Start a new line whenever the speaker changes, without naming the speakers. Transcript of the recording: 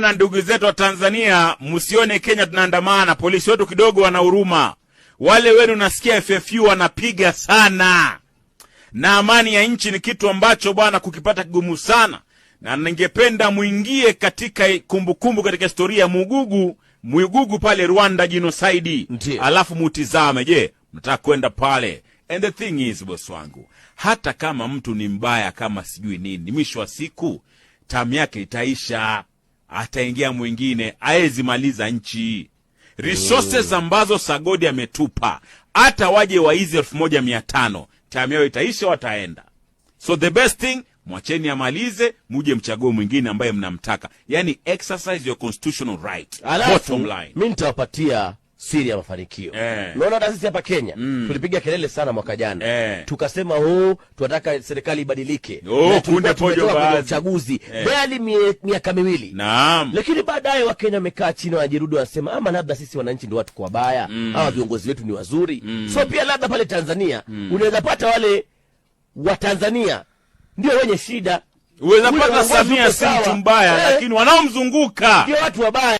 Na ndugu zetu wa Tanzania, msione Kenya tunaandamana, polisi wetu kidogo wana huruma. Wale wenu nasikia FFU wanapiga sana, na amani ya nchi ni kitu ambacho bwana kukipata kigumu sana, na ningependa muingie katika kumbukumbu kumbu, katika historia ya Mugugu Mugugu pale Rwanda genocide, alafu mutizame, je, mnataka kwenda pale? And the thing is boss wangu, hata kama mtu ni mbaya kama sijui nini, mwisho wa siku tamu yake itaisha ataingia mwingine ayezimaliza nchi resources mm. ambazo Sagodi ametupa. Hata waje waizi elfu moja mia tano time yao itaisha, wataenda. So the best thing mwacheni amalize, muje mchaguo mwingine ambaye mnamtaka, yani exercise your constitutional right.
Bottom line, nitawapatia siri ya mafanikio. eh. Unaona Hata sisi hapa Kenya mm. tulipiga kelele sana mwaka jana eh. Tukasema oh, tunataka serikali ibadilike
oh, kunde pojo baadhi
uchaguzi eh. bali eh. miaka miwili. Naam. Lakini baadaye Wakenya wamekaa chini wanajirudi, wanasema ama labda sisi wananchi ndio watu kwa baya mm. Hawa viongozi wetu ni wazuri mm. So pia labda pale Tanzania mm. unaweza pata wale wa Tanzania ndio wenye shida,
uweza pata Samia si mtu mbaya eh. Lakini wanaomzunguka ndio watu wabaya.